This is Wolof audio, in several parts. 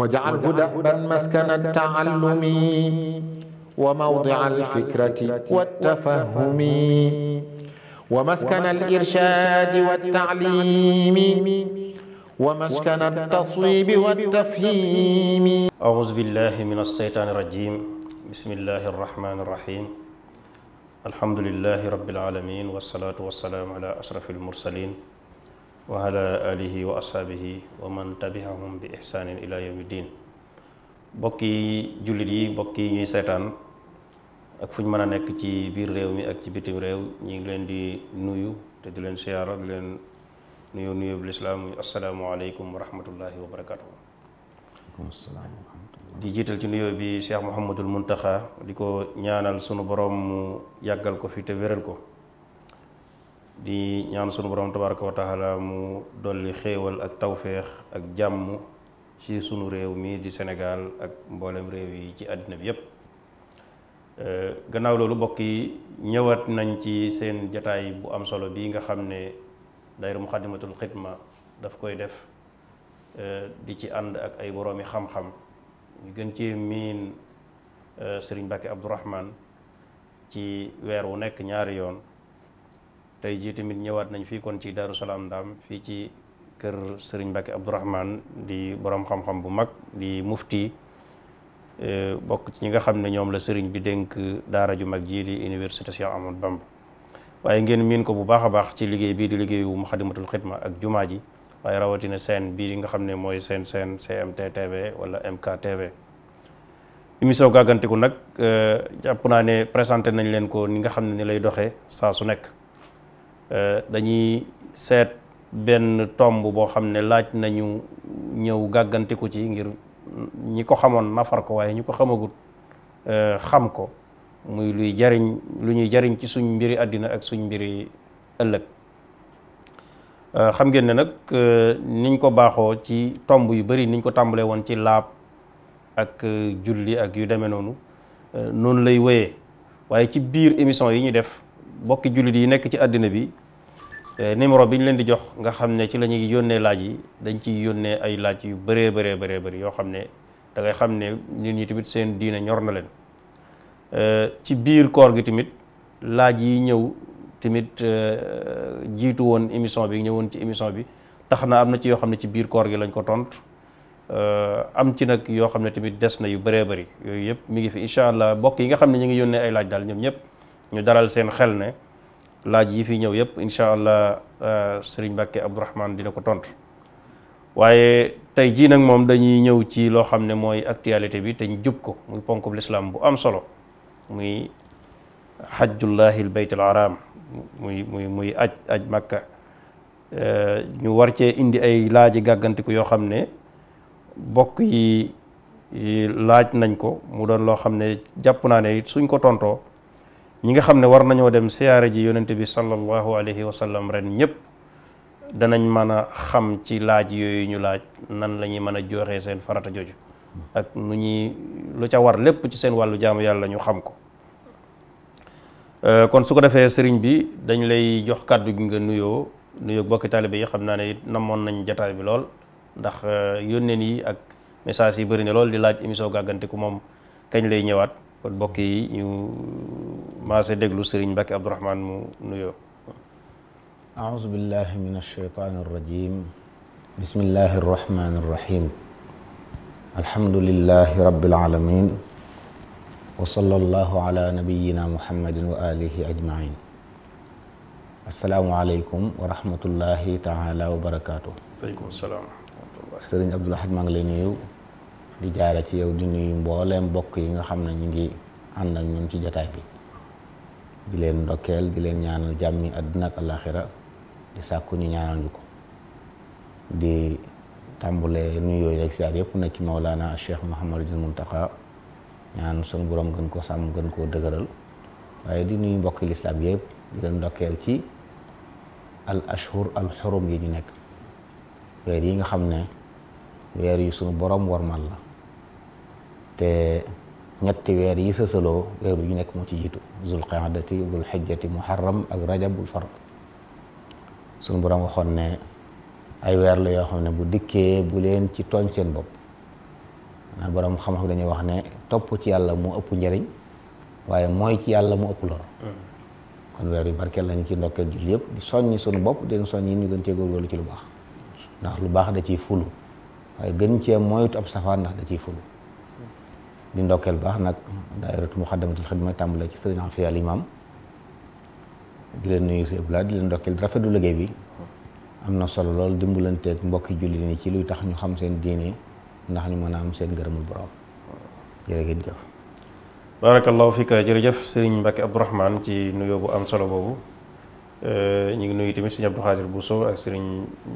واجعله دأبا مسكن التعلم وموضع الفكرة والتفهم ومسكن الإرشاد والتعليم ومسكن التصويب والتفهيم أعوذ بالله من الشيطان الرجيم بسم الله الرحمن الرحيم الحمد لله رب العالمين والصلاة والسلام على أشرف المرسلين wa ala alihi wa ashaabihi wa man tabiahum bi ihsaanin ila yawmi diin yi jullit yi mbokk yi ñuy seetaan ak fu ñu mën a nekk ci biir réew mi ak ci bitim réew ñi ngi leen di nuyu te di leen siyaara di leen nuyu nuyu bi lislaam asalaamualeykum wa rahmatullahi wa barakatuh di jiital ci nuyoo bi Cheikh Mouhamadul Muntaxa di ko ñaanal sunu borom mu yàggal ko fi te wéral ko di ñaan sunu borom tabaraka wa mu dolli xéewal ak tawféex ak jàmm ci sunu réew mii di Sénégal ak mboolem réew yi ci àddina bi yépp euh, gannaaw loolu mbokk yi ñëwaat nañ ci seen jataay bu am solo bii nga xam ne dayru Muxaddamatul Xidma daf koy def euh, di ci ànd ak ay boroomi xam-xam ñu gën cee miin euh, Sëriñ Mbàkke Abdurahmaan ci weer wu nekk ñaari yoon tey jii tamit ñëwaat nañ fii kon ci Daaru Salaam Ndaam fii ci kër Serigne Mbacke Abdourahman di borom xam-xam bu mag di mufti e, bokk ci ñi nga xam ne ñoom la sëriñ bi dénk daara ju mag jii di université Cheikh Ahmadou Bamba waaye ngeen miin ko bu baax a baax ci liggéey bii di liggéeyu xadimatul Xidma ak jumaa ji waaye rawatina seen bii nga xam ne mooy seen seen CMT TV wala MKTV. émission gàggantiku nag e, jàpp naa ne présenté nañ leen ko ni nga xam ne ni lay doxee saa su nekk. Euh, dañuy seet benn tomb boo xam ne laaj nañu ñëw gàggantiku ci ngir ñi ko xamoon nafar ko waaye ñu ko xamagut euh, xam ko muy luy jariñ lu ñuy jariñ ci suñ mbiri àddina ak suñ mbiri ëllëg euh, xam ngeen ne nag niñ ko baaxoo ci tomb yu bari niñ ko tàmbalee woon ci laab ak julli ak yu demee noonu noonu lay wéyee waaye ci biir émission yi ñu def mbokki jullit yi nekk ci àddina bi eh, numéro bi ñu leen di jox nga xam ne ci la ñuy yónnee laaj yi dañ ci yónnee ay laaj yu bëree bëree bëree bëri yoo xam ne da ngay xam ne nit ñi tamit seen diine ñor na leen eh, ci biir koor gi tamit laaj yi ñëw tamit eh, jiitu woon émission bi ñëwoon ci émission bi tax na am na ci yoo xam ne ci biir koor gi lañ ko tontu am ci nag yoo xam ne tamit des na yu bëree bëri yooyu yëpp mi ngi fi incha allah mbokk yi nga xam ne ñu ngi yónnee ay laaj daal ñoom ñëpp. ñu daral seen xel ne laaj yi fi ñëw yëpp incha allah euh, sëriñ Mbàkke Abdourahman dina ko tontu waaye tey jii nag moom dañuy ñëw ci loo xam ne mooy actualité bi te ñu jub ko muy ponkub lislaam bu am solo muy xajjullahi l bayt muy muy muy aj aj makka euh, ñu war cee indi ay laaji gàggantiku yoo xam ne bokk yi laaj nañ ko mu doon loo xam ne jàpp naa ne suñ ko tontoo ñi nga xam ne war nañoo dem siyaare ji yonent bi sallallahu alayhi wa sallam ren ñëpp danañ mën a xam ci laaj yooyu ñu laaj nan la ñuy mën a joxe seen farata jooju ak nu ñuy lu ca war lépp ci seen wàllu jaamu yàlla ñu xam ko euh, kon su ko defee sëriñ bi dañ lay jox kàddu gi nga nuyoo nuyoo bokki taalibe yi xam naa ne it namoon nañ jataay bi lool ndax euh, yónneen yi ak message yi bari na lool di laaj émission gàggantiku moom kañ lay ñëwaat kon mbokk yi ñu maase déglu sëriñ Mbàkke Abdourahmaan mu nuyoo aouzu billahi min alsheytaani arrajim bismillahi arrahmani arrahim alhamdulillahi rabbil alamin wa sallallahu ala nabiyina muhammadin wa alihi ajmain asalaamualeykum wa rahmatullahi taala wa barakaatu. waaleykum salaam. sëriñ Abdoul Ahad maa ngi lay nuyu di jaare ci yow di nuyu mbooleem mbokk yi nga xam ne ñu ngi ànd ak ñun ci jataay bi di leen ndokkeel di leen ñaanal jàmmi àdduna ak alaxira di sàkku ñu ñaanal ñu ko di tàmbule nuyoo yeeg siyaar yëpp na ci Mawlaana Cheikh Mouhamadul Muntaqa ñaan suñu boroom gën ko sàmm gën koo dëgëral waaye di nuy mbokki lislaam yëpp di leen ndokkeel ci al ashhur al xurum yi ñu nekk weer yi nga xam ne weer yu sunu borom warmal la te ñetti weer yi sësaloo weer bu ñu nekk moo ci jiitu zul qaadati zul xijjati muharram ak bul far suñu borom waxoon ne ay weer la yoo xam ne bu dikkee bu leen ci tooñ seen bopp na borom xam-xam dañuy wax ne topp ci yàlla mu ëpp njëriñ waaye mooy ci yàlla mu ëpp lor kon weer yu barkeel lañu ci ndokkeel julli yëpp di soññi suñu bopp den yi ñu gën cee góorgóorlu ci lu baax ndax lu baax da ciy fulu waaye gën cee moytu ab safaan ndax da ciy fulu di ndokkeel baax nag daayiratu Muxaddamatul Xidma tàmbale ci sëriñ Afiya Limaam di leen nuyu si Ibla di leen ndokkeel di liggéey bi am na solo loolu dimbalanteeg mbokki julli ni ci luy tax ñu xam seen diine ndax ni mën a am seen ngërëmul borom jërë ngeen jëf. barakallahu fika jërëjëf sëriñ Mbacke Abdourahmane ci nuyoo bu am solo boobu euh, ñu ngi nuyu tamit sëriñ Abdou bu Bousso ak sëriñ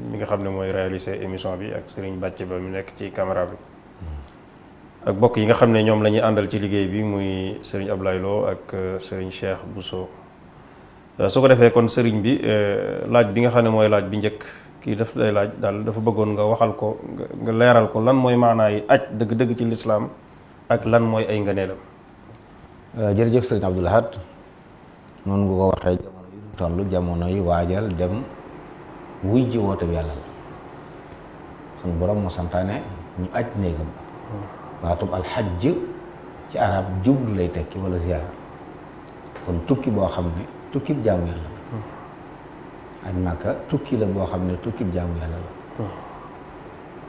mi nga xam ne mooy réaliser émission bi ak sëriñ Bàcce ba mu nekk ci caméra bi. ak bokk yi nga xam ne ñoom lañuy àndal ci liggéey bi muy sëriñ Ablaye Lo ak euh, sëriñ Cheikh Bousso euh, su ko defee kon sëriñ bi euh, laaj bi nga xam ne mooy laaj bi njëkk kii daf day laaj daal dafa bëggoon nga waxal ko nga leeral ko lan mooy maanaa yi aj dëgg-dëgg ci lislaam ak lan mooy ay ngëneelam. jërëjëf sëriñ Abdou Lahad noonu nga ko waxee jamono yi toll jamono yi waajal dem wuy ji woote yàlla la sunu borom mu ñu aj néegam hmm. baatub alxajj ci arab jublu lay tekki wala ziyaara kon tukki boo xam ne tukkib jaamu yàlla la aj màkka tukki la boo xam ne tukkib jaamu yàlla la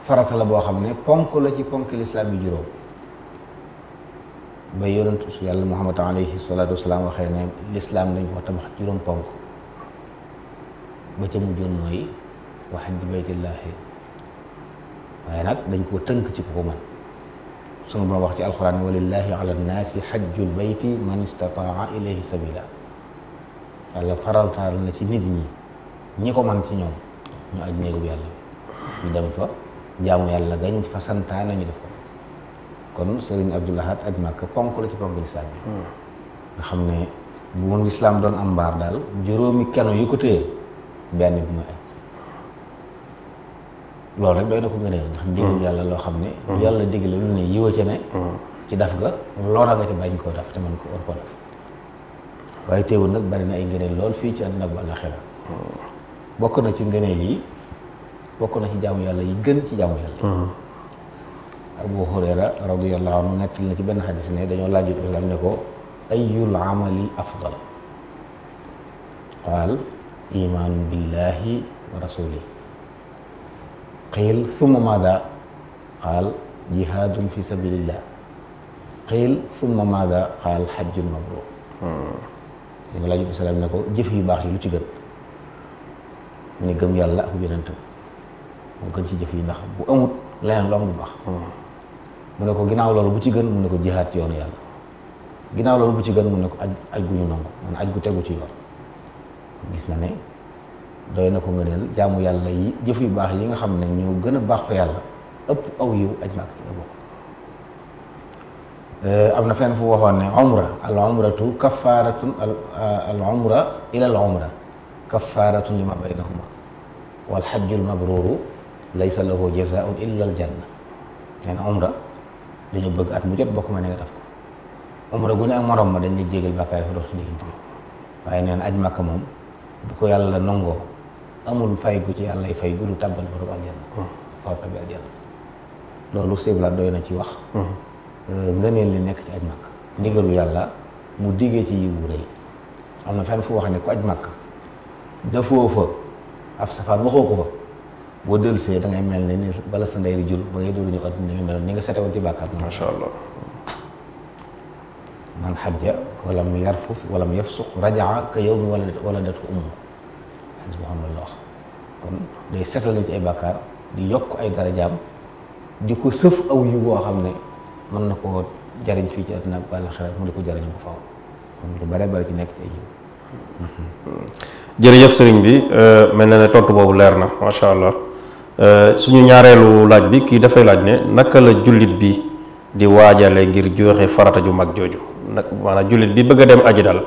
farata la boo xam ne ponk la ci ponk lislaam yi juróom ba yonent su yàlla muhammad alayhi salaatu wasalaam waxee ne lislaam dañ ko tabax juróom ponk ba ca mujjoon mooy waxañ ci baytillahi waaye nag dañ koo tënk ci ko ko mën sunu borom wax ci alquran walillahi ala nnaasi xajjul bayti man istataa ilayhi sabila yàlla faraltaal na ci nit ñi ñi ko man ci ñoom ñu aj néegub yàlla ñu dem fa jaamu yàlla gañ fa santaane def ko kon sëriñ Abdul Ahad aj ponk la ci ponk lislaam bi hmm. nga xam ne bu mu lislaam doon am mbaar daal juróomi keno yu ko téye benn bi mooy loolu rek doy na ko nga ndax hmm. ndigal yàlla loo xam ne hmm. yàlla digal lu ne yiwa ca hmm. ci daf ga loola nga ci bañ koo daf te man ko war koo daf waaye teewul nag bari na ay ngëneel lool fii ci àdduna bu àllaxira bokk na ci ngëneel yi bokk na ci jaamu yàlla yi gën ci jaamu yàlla Abu Hurayra radiyallahu anhu nekk na ci benn xadis ne dañoo laajut islam ne ko ayul amali afdal qaal imaanu billahi wa rasulihi qiil summa maada xaal jihaadun fi sabilillah qiil summa maada qaal xajjun mabruur li hmm. ma laaj ne ko jëf yu baax lu ci gën mu gëm yàlla ak yonentam moo gën ci jëf yi ndax bu amut leneen lu am du baax hmm. mu ne ko ginnaaw loolu bu ci gën mu ne ko jihaad ci yoonu yàlla ginnaaw loolu bu ci gën mu ne ko aj aj gu ñu nangu mu aj gu tegu ci yoon gis na ne doy na ko nga jaamu yàlla yi jëf yu baax yi nga xam ne ñoo gën a baax fa yàlla ëpp aw yiw eh, am na fenn fu waxoon ne umra al umratu kafaratun eh, al umra ila al umra kafaratun lima baynahuma wal xajjul mabruru laysa lahu jazaun illa al janna nee dañu bëgg at mu jot bokk ma ne nga def ko umra gu ne ak morom ma dañ lay jégal bàkkaar fa dox si diggante bi waaye nee na aj màkk moom bu ko yàlla nangoo amul fay gu ci yàlla fay gu du tàbbal borom aljanna mm. faaw tabbi aljanna loolu siblaat ci wax mm. euh, ngëneel nekk ci aj makk ndigalu yàlla mu diggee ci yiwu rëy am na fenn fu wax ne ku aj makk dafoo fa af safaan waxoo ko boo dellusee da ngay mel ne ni bala sa ndey di jul ba ngay dóoru ñu adduna nga meloon ni nga setewoon ci bàkkaar masha allah man xajja walam yarfuf walam yafsuq rajaa ka yow mi wala wala dat ko su Muhammad day setal na ci ay bàkkaar di yokk ay darajaam di ko sëf aw yu boo xam ne mën na koo jariñ fii ci àdduna wala xel mu di ko jariñ bu faaw kon lu bare ci nekk ci ay yiw hmm. jërëjëf sëriñ bi euh, mel na ne tontu boobu leer na macha allah euh, suñu ñaareelu laaj bi kii dafay laaj ne naka la jullit bi di waajale ngir joxe farata ju mag jooju nag maanaam jullit bi bëgg a dem aji dal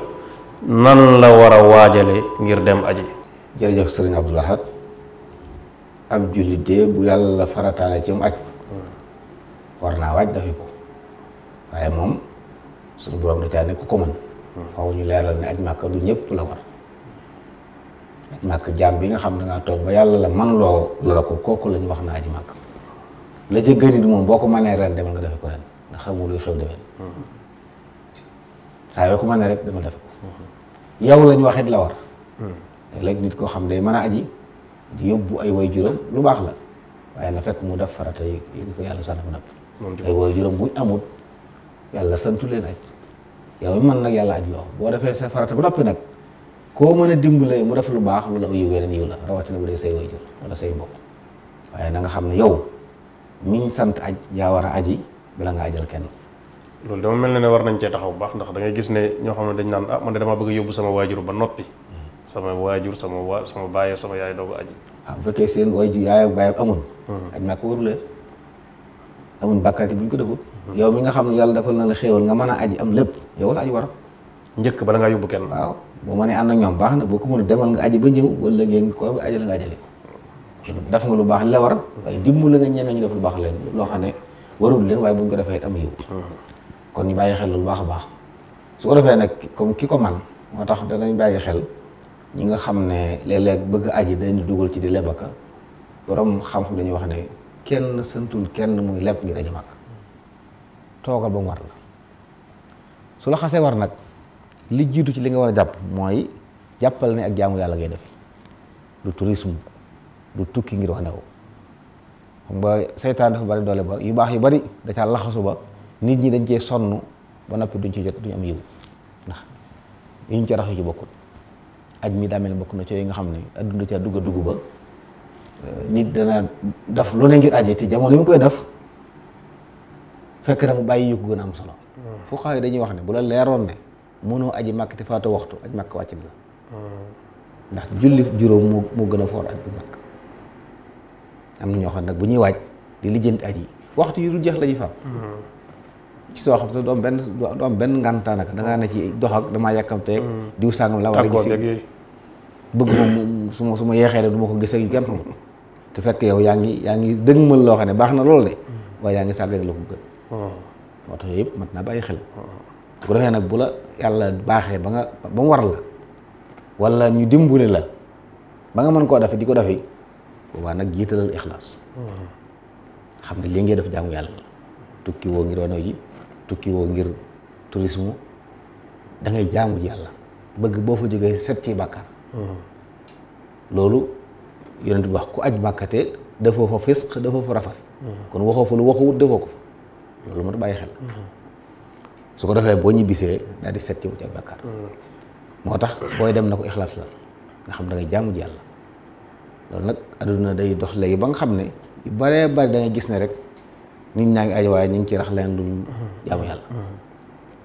nan la war a waajale ngir dem aji jërëjëf sëriñ Abdou Lahad ab jullit de bu yàlla farataale ci mu aj war naa waaj dafi ko waaye moom suñu borom da caa nekk ko mën faw ñu leeral ne aj màkk du ñëpp la war aj bi nga xam da ngaa toog ba yàlla la man loo la ko kooku la ñu wax na aj màkk la ca gënit moom boo ko mënee ren demal nga defe ko ren ndax xamul luy xew dewen saa yoo ko mënee rek dama def ko mm-hmm. yow lañ waxit la war mm-hmm. léeg-léeg nit koo xam day man a aji di yóbbu ay way juróom lu baax la waaye na fekk mu def farata yi ko yàlla sant mu nag ay way buñ amut yàlla santu leen aj yow man nag yàlla aj loo boo defee sa farata bu noppi nag koo mën a dimbale mu def lu baax lu la yiw weneen yiw la rawatina bu dee say way jur wala say mbokk waaye na xam ne yow miñ sant aj yaa war a aji bala nga ajal kenn loolu dama mel ne na war nañ cee taxaw bu baax ndax da ngay gis ne ñoo xam ne dañ naan ah man de dama bëgg yóbbu sama waajur ba noppi sama waajur sama waa sama baay sama yaay doogu aji waaw ah, bu fekkee seen waajur yaayam baayam amul hmm. aj màkk waru leen amul bàkkaati bu ko deful yow mi nga xam ne yàlla defal na la xéewal nga mën aji am lépp yow la aji war njëkk bala ngaa yóbbu kenn waaw boo mënee ànd ak ñoom baax na boo ko mën a demal nga aji ba ñëw wala ngeen ko aji la nga def nga lu baax la war waaye dimbu la nga ñeen lu baax leen loo xam ne warul leen waaye bu ko defee am yiw hmm. kon ñu bàyyi xel lu baax a baax su ko defee nag comme ki ko man moo tax danañ bàyyi xel ñi nga xam ne léeg-léeg bëgg aji dañu dugal ci di lebaka borom xam-xam dañuy wax ne kenn santul kenn muy leb ngir aji mag toogal ba mu war la su la xasee war nag li jiitu ci li nga war a jàpp mooy jàppal ne ak jaamu yàlla ngay def du tourisme du tukki ngir wax ndaw xam nga seytaan dafa bari doole ba yu baax yu bari da caa laxasu ba nit ñi dañ cee sonn ba noppi duñ ci jot duñ am yiw ndax yuñ ci raxu ci bokkul aj mi daa mel bokk na ci yi nga xam ne adduna ca dugg a dugg ba euh, nit dana daf lu ne ngir aji te jamono yi mu koy def fekk na mu bàyyi yu ko gën a am solo. Hmm. fu xaw yi dañuy wax ne bu la leeroon ne mënoo aji màkk te faata waxtu aj màkk wàcc bi la. Hmm. ndax julli juróom moo moo gën a foor aj bu màkk. am na ñoo xam nag bu ñuy waaj di lijjanti aj yi waxtu yu dul jeex la ñuy ci soo xam te du benn du am benn ngàntaanaka ne ci dox ak damaa yàkkamteeg mm. diw sàngam la war a gis bëgg su ma su ma yeexee de du ma ko gis ak yu kenn fekk yow yaa ngi yaa ngi dëgmal loo xam ne baax na loolu de mm. waaye yaa ngi sàggan la ko gën oh. moo tax yëpp mat naa bàyyi xel bu oh. defee nag bu la yàlla baaxee ba nga ba mu war la ñu dimbali la ba nga mën koo defe di ko defe boobaa nag jiitalal ixlaas mm. xam ne li ngay def jaamu yàlla tukki woo ngir wanoo ji tukki woo ngir tourisme da ngay jaamu ji yàlla bëgg boo fa jógee set ci bàkkaar hmm. loolu yonent bi wax ku aj màkkate dafoo fa fisq dafoo fa rafet hmm. kon waxoo fa lu waxuwut defoo ko fa loolu moo tax bàyyi hmm. su ko defee boo ñibbisee daal dem na ko ixlaas la nga xam da ngay jaamu ji yàlla loolu nag adduna day dox léegi ba nga xam ne yu baree bari da ngay gis ne rek nit ñaa ngi aj waaye ñu ngi ci rax leen dul mm-hmm.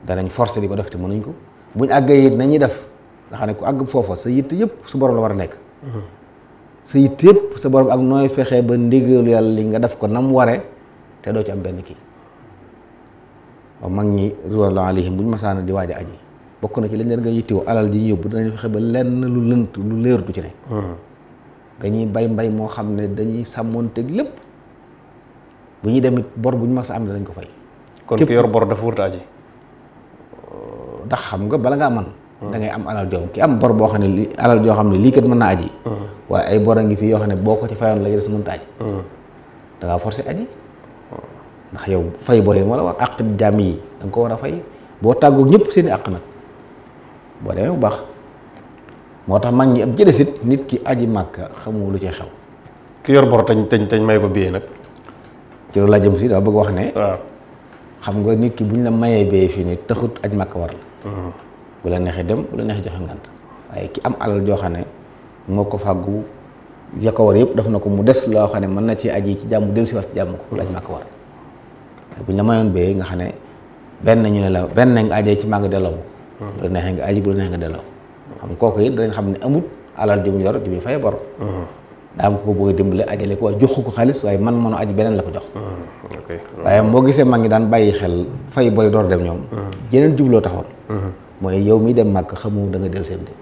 danañ forcé di def te mënuñ ko buñ àggee it def nga ne ku àgg foofa sa yitt yëpp su la war a nekk mm-hmm. sa sa borom nooy fexee ba ndigalu yàlla li nga def ko nam ware te doo am benn kii mag ñi ridwaanulaahi alayhim buñ masaana di waaj a bokk na ci lañ leen nga yittewoo alal ba lenn lu lënt lu leertu ci ne mm-hmm. dañuy bay mbay moo xam ne dañuy sàmmoon sàmmoonteeg lépp bu ñuy demit bor bu ñu mas a am dañ ko fay. kon ki yor bor dafa wut aji euh, ndax xam nga bala ngaa man hmm. dangay am alal joom ki am bor boo xam ne li alal joo xam ne lii kat mën naa aji. Hmm. waaye ay bor a ngi fi yoo xam ne boo ko ci fayoon la des mënut a aji. Hmm. aji ndax yow fay bor yi moo la war àq jàmm yi danga ko war a fay boo tàggu ñëpp seen àq nag boo demee bu baax moo tax mag ñi ab jëdesit nit ki aji màkk xamu lu ci xew. ki yor bor tañ tañ tañ may ko biyee nag. ci loolu laa jëm si daa bëgg wax ne. xam nga nit ki bu ñu la mayee bee fii nii taxut aj makk war la. Mm-hmm. bu la neexee dem bu la neexee joxe ki am alal joo xam ne moo ko fàggu ya ko yëpp def na ko mu des loo xam ne mën na ci aji ci jàmm dellu si war ci jàmm ko aj makk bu ñu la mayoon bee nga xam ne benn ñu ne la benn nga ajee ci màgg delloo ko. Mm-hmm. bu la neexee nga aji bu la delloo. xam kooku it danañ xam ne amut alal ju mu yor ju muy fay bor. Mm-hmm. daa ma ko bëgg a dimbale ajale ko waaye joxu ko xaalis waaye man mënu aj beneen la ko jox. Mm-hmm. waaye moo gisee mag ngi daan bàyyi xel fay booy door dem ñoom. Mm-hmm. jeneen jubloo taxoon. Mm-hmm. mooy yow mi dem màkk xamoo da nga del seen la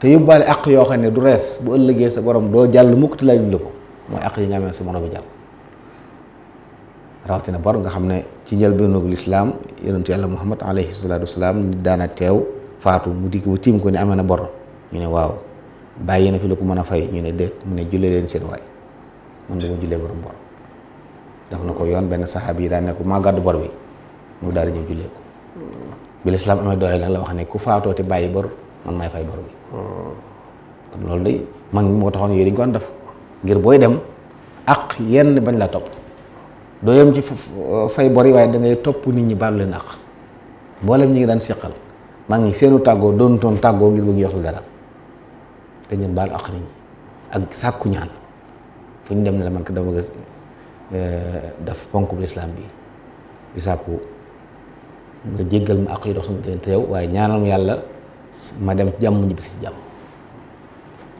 te yóbbaale àq yoo xam ne du rees bu ëllëgee sa borom doo jàll mukk te laajul la ko mooy àq yi nga amee sa moroom jàll. rawatina bor nga xam ne ci njëlbéenu lislaam yonentu yàlla Muhammad alayhi daana teew faatu mu dikk ba tiim ko ne amee na bor ñu ne waaw. bàyyi na fi lu ko mën a fay ñu ne déet mu ne julle leen seen waay mun na ma jullee borom bor daf na ko yoon benn saxaab yi daan ne ko maa gàddu bor bi mu daal di ñëw jullee ko bi lislaam amee doole la wax ne ku faatoo te bàyyi bor man maay fay bor bi mag ñi moo taxoon yooyu dañu ko def ngir booy dem ak yenn bañ la topp dooyam ci euh, fay bor yi waaye da topp nit ñi baalu leen ak mboolem ñi ngi daan seqal mag ñi seenu tàggoo doon toon tàggoo ngir bëgg yox la dara dañ leen baal ak nit ñi ak sàkku ñaan fu ñu dem la man ko dama gis euh, daf ponk bu lislaam bi di sàkku nga jéggal ma ak yi dox sama diggante yow waaye ñaanal yàlla ma dem jàmm ñibbi si jàmm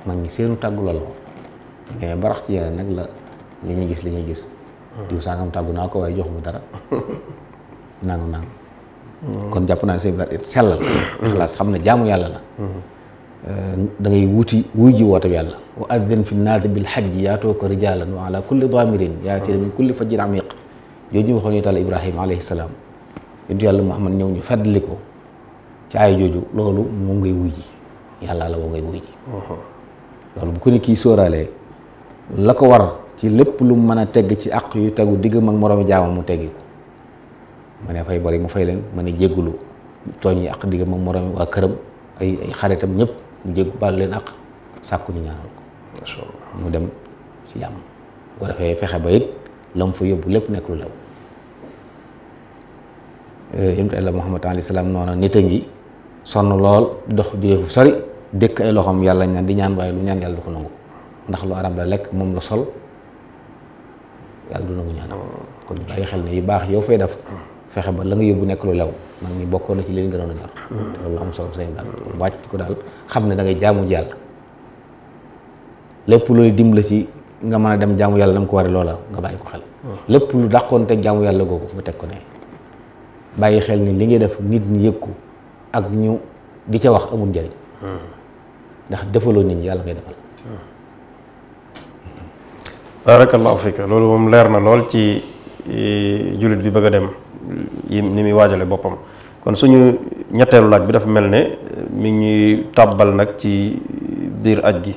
mag ñi seenu tàggu loolu mais barax ci yàlla nag la li ñuy gis li ñuy gis diw sangam tàggu naa ko waaye jox mu dara nangu nangu mm. kon jàpp naa seen sellal xalaas xam ne jaamu yàlla la mm-hmm. da ngay wuti wuy ji woote yàlla wa addin fi naadi bil xajji yaatoo ko rijaalan wa ala kulli daamirin yaatiina min kulli fajjin amiq yooyu ñu waxoon itam Ibrahima alayhi salaam yonent yàlla Muhammad ñëw ñu fàttali ko ci loolu moom ngay wuy ji yàlla la woo ngay wuy uh-huh. loolu bu ko ni kii sóoraalee la ko war ci lépp lu mën a teg ci àq yu tegu diggam ak moroomi jaamam mu teggi ko ma ne fay bari mu fay leen ma ne jéggulu tooñ yi àq diggam ak moroomi waa këram ay ay xaritam ñëpp. jégg baal leen ak sàkku ñaanal ko. mu dem ci jàmm. bu defee fexe ba it la mu fa yóbbu lépp nekk lu lew. Eh, yonent Yàlla Muhammad alayhi salaam noona nit a ngi sonn lool dox jóge fu sori dëkk ay loxoom yàlla ñaan di ñaan waaye lu ñaan yàlla du ko nangu ndax lu arab la lekk moom la sol yàlla du nangu ñaanam mm. kon bàyyi xel ne yu baax yow fay def fexe ba la nga yóbbu nekk lu lew man ñu bokkoon ci leen gënoon a ñor loolu am solo sëñ daal ko daal xam ne da ngay jaamu ji yàlla lépp loolu dim ci nga mën a dem jaamu yàlla na ko waree loola nga bàyyi ko xel lépp lu dàqoon te jaamu yàlla googu nga teg ko ne bàyyi xel ni li ngay def nit ñi yëg ko ak ñu di ca wax amul njëriñ ndax defaloo nit ñi yàlla ngay defal barakallahu fika loolu moom leer na lool ci eh, jullit bi bëgg a dem yi ni muy waajale boppam kon suñu ñetteelu laaj bi dafa mel ne mi ñuy tàbbal nag ci biir aj gi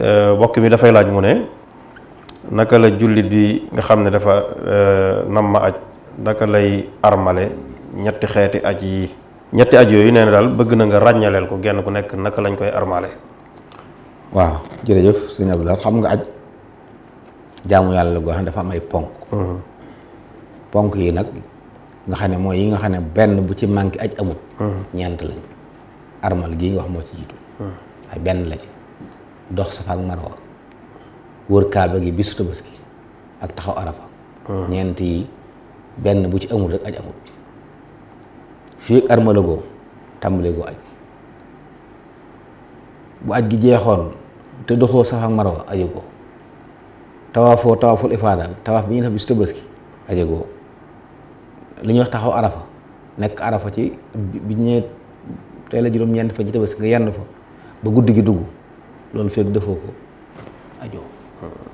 euh, bokk mi dafay laaj mu ne naka la jullit bi nga xam ne dafa euh, nam ma aj naka lay armale ñetti xeeti aj yi ñetti aj yooyu nee na daal bëgg na nga ràññaleel ko genn ku nekk naka lañ koy armale waaw jërëjëf sëñ Abdoulaye xam nga aj jaamu yàlla goo dafa am ay ponk mm-hmm. ponk yi nag nga xam ne mooy yi nga xam ne benn bu ci manqué aj amut hmm. ñeent lañ armal gii nga wax moo ci jiitu hmm. ay benn la dox safa ak marwa wër kaaba gi bisu tëbëski ak taxaw arafa hmm. ñeent yi benn bu ci amul rek aj amul fii armalagoo tàmbalegoo aj bu gi jeexoon te doxoo safa ak marwa ajagoo tawaafoo tawaaful ifaada tawaaf bi ñu def bisu tabaski ajagoo li ñuy wax taxaw arafa nekk arafa ci bi ñëwee tey la juróom-ñeent fa ci tabaski nga yenn fa ba guddi gi dugg loolu fekk defoo ko ajoo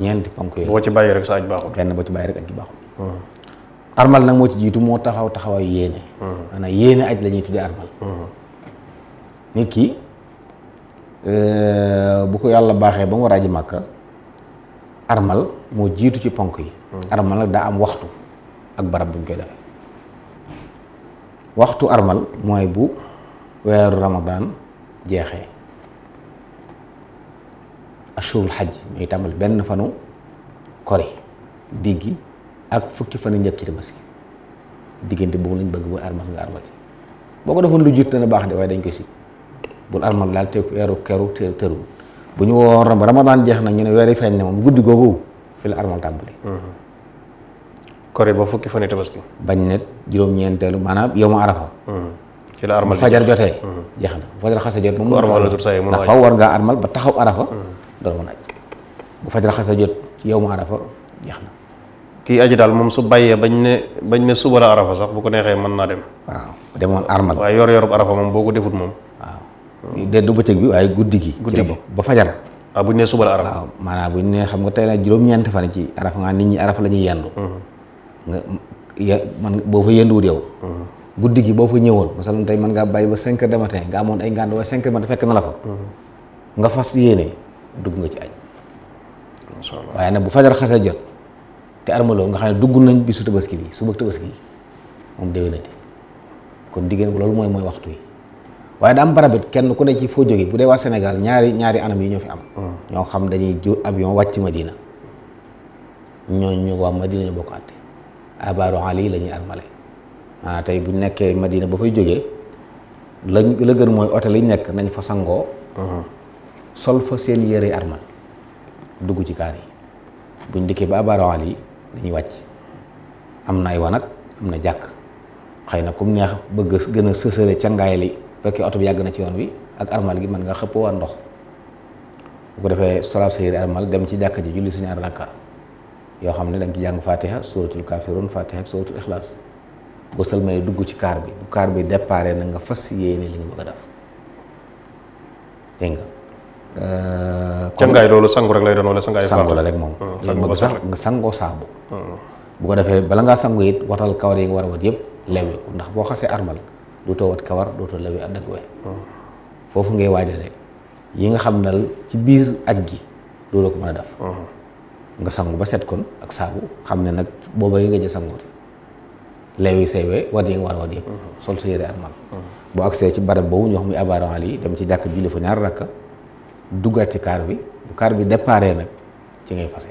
ñeenti ponk yooyu boo ci bàyyi rek sa aj baaxul benn rek aj gi baaxul hmm. armal nag moo ci jiitu moo taxaw taxawaay yéene hmm. maanaam yéene aj la ñuy tuddee armal hmm. nit ki euh, bu ko yàlla baaxee ba mu war a aji màkka armal moo jiitu ci ponk yi armal daa am waxtu ak barab buñ koy defee waxtu armal mooy bu weeru ramadan jeexee ashurul xaj muy tàmbali benn fanu kori diggi ak fukki fanu njëkk ci tabaski diggante boobu lañ bëgg bu armal nga armal ci boo ko defoon lu jiit dana baax de waaye dañ koy si bul armal daal te weeru keru te tërul bu ñu woor ramadan jeex na ñu ne weer yi moom guddi googu fi la armal tàmbali mm-hmm. koré ba fukki fan yi tabaski bañ ne juróom-ñeenteelu maanaam yow mu arafa hmm. ci la armal fajar jotee hmm. jeex na bu fajar xasa jot moom ndax faw war ngaa armal ba taxaw arafa bu hmm. fajar xasa jot yow mu arafa jeex na daal moom su bàyyee bañ ne bañ ne suba la arafa sax bu ko neexee mën naa dem waaw demoon armal waaye yor yorub arafa moom boo ko defut moom waaw de du bëccëg guddi gi guddi gi ba fajar waaw ah, buñ ne suba la arafa waaw maanaam xam nga tey nag juróom-ñeenti fan ci arafa nga nit ñi arafa la ñuy yendu nga ya man boo fa yënduwut yow. Mm-hmm. guddi gi boo fa ñëwoon masalan tey mën ngaa bàyyi ba cinq heures de matin nga amoon ay fekk na la fa. Mm-hmm. nga fas yéene dugg nga ci añ. macha waaye nag bu fajar xasee jot te armaloo nga xam ne dugg nañ su tabaski bi suba tabaski bi moom déwénati kon diggéen bu loolu mooy mooy waxtu yi waaye da am barab it kenn ku ne ci foo jóge bu dee waa Sénégal ñaari ñaari anam yi ñoo fi am. Mm. ñoo xam dañuy jur avion wàcc Madina ñooñu ñu waa Madina ñu bokk àtte abaaru ali lañuy armale maanaam tey bu nekkee madina ba fay jógee lañ la gën mooy hôtel liñ nekk nañ fa sangoo uh-huh. sol fa seen yére armal dugg ci kaar buñ dikkee ba abaaru ali dañuy wàcc am na ay wanag am na jàkk xëy na kum neex bëgg gën a sësale cangaay li fekkee oto bi yàgg na ci yoon bi ak armal gi mën nga xëppoo waa ndox bu ko defee solal sa yére armal dem ci jàkk ji julli suñu ñaari rakka yoo xam ne da nga ci jàng fatiha suratul kafirun fatiha ak suratul ixlaas boo sëlmay dugg ci kaar bi bu kaar bi déparé na nga fas yéene li nga bëgg a def dégg nga. Euh, càngaay loolu sangu rek lay doon wala sangaay. sangu la rek moom. Hmm, sangu sax nga sangoo saabu. Hmm. bu ko defee bala ngaa sangu it watal kawar yi nga war a wat yëpp lewe ko ndax boo xasee armal dootoo wat kawar dootoo lewe a dagg we hmm. foofu ngay waajale yi nga xam ne ci biir ak gi loolu ko mën a def. nga sangu ba set kon ak saabu xam ne nag booba yi nga jë sangooti leew yi saywee wat yi nga war a wat yëpp mhm. sol sa yére armal mhm. boo agsee ci barab boobu ñu wax muy abaran yi dem ci jàkk julli fa ñaar rakka duggaat ci kaar bi bu kaar bi déparé nag ci ngay fase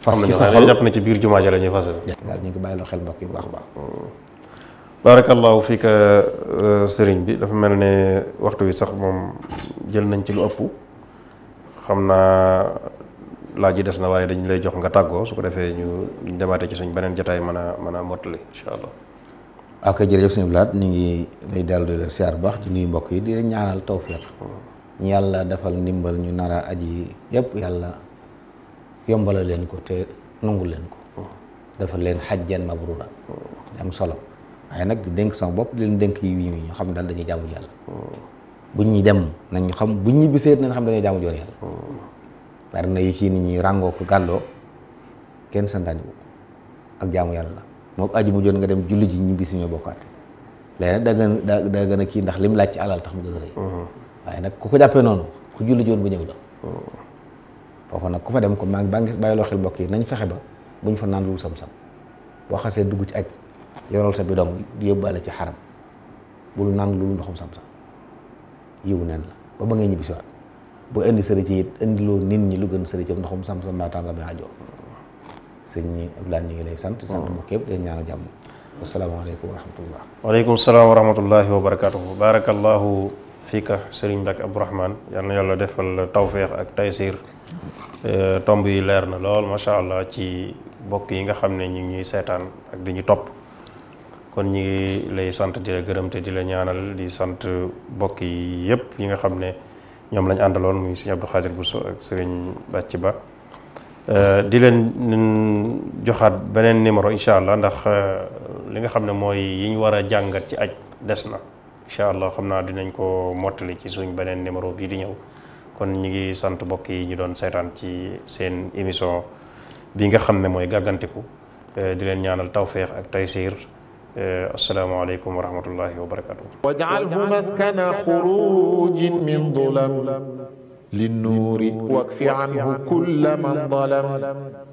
fas ci sa xol jàpp na ci biir jumaa ja la ñuy fase daal ñu ngi bàyyi loo xel mbokk yi bu baax baax mhm. baarakallaahu fii ka euh, sëriñ bi dafa mel ne waxtu wi sax moom jël nañ ci lu ëpp xam naa laaj yi des na waaye dañ lay jox nga tàggoo su ko defee ñu demaatee ci suñ beneen jataay mën a mën a mottali incha allah. ak jërëjëf suñu blaat ñu ngi lay dellu di la siyaar bu baax di nuyu mbokk yi di la ñaanal tawféex ñu hmm. yàlla defal ndimbal ñu nar a yi yëpp yàlla yombala leen ko te nangu leen ko. Hmm. defal leen xajjan mabrura hmm. am solo waaye nag di dénk sama bopp di leen dénk yi wii ñu xam daal dañuy jaamu yàlla. buñ ñuy dem nañu xam buñ ñibbisee nañ xam dañoo jaamu joon bari na yu ci nit ñuy ràngoo ko gàlloo kenn santaani ko ak jaamu yàlla la moo aju mu joon nga dem julli ji ñibbi suñu bokkaat léegi nag daa gën da daa gën a kii ndax lim laaj ci alal tax mu gën a rëy mm-hmm. waaye nag ku ko jàppee noonu ku julli joon bu ñëw la mm-hmm. foofu nag ku fa dem ko maa ngi baa ngi xel mbokk yi nañ fexe ba bu ñu fa naan lu sam-sam boo xasee dugg ci aj yoral sa bidon yóbbaale ci xaram bul naan lu ndoxum sam-sam yiwu nen la ba ba ngay ñibbisiwaat bu indi sëriñ ci it indiloo nit ñi lu gën sëriñ ci ndax mu sam sam naa tàngal mi aajo sëñ ñi Abdoulaye ñu ngi lay sant. sant mbokk yëpp di leen ñaanal jàmm. asalaamaaleykum wa rahmatullah. waaleykum salaam wa rahmatullahi wa barakaatuhu. barakallahu fika sëriñ Mbacke Abdourahmane yal na yàlla defal tawféex ak taysiir eh, tomb yi leer na lool macha allah ci mbokk yi nga xam ne ñu ngi seetaan ak di ñu topp. kon ñu ngi lay sant di la gërëm di la ñaanal di sant mbokk yi yëpp yi nga xam ne. ñoom lañ àndaloon muy sëñ Abdou bu so ak sëriñ Bàcc Ba euh, di leen joxaat beneen numéro incha allah ndax euh, li nga xam ne mooy yi ñu war a jàngat ci aj des na incha allah xam naa dinañ ko mottali ci suñ beneen numéro bii di ñëw kon ñu ngi sant mbokk yi ñu doon seetaan ci seen émission bi nga xam ne mooy gàggantiku euh, di leen ñaanal tawféex ak taysiir Eh, asalaamaaleykum wa rahmatullahi wa barakatuh waj'alhu maskana xurujin min dulam linnuuri wakfi anhu kulla man dalam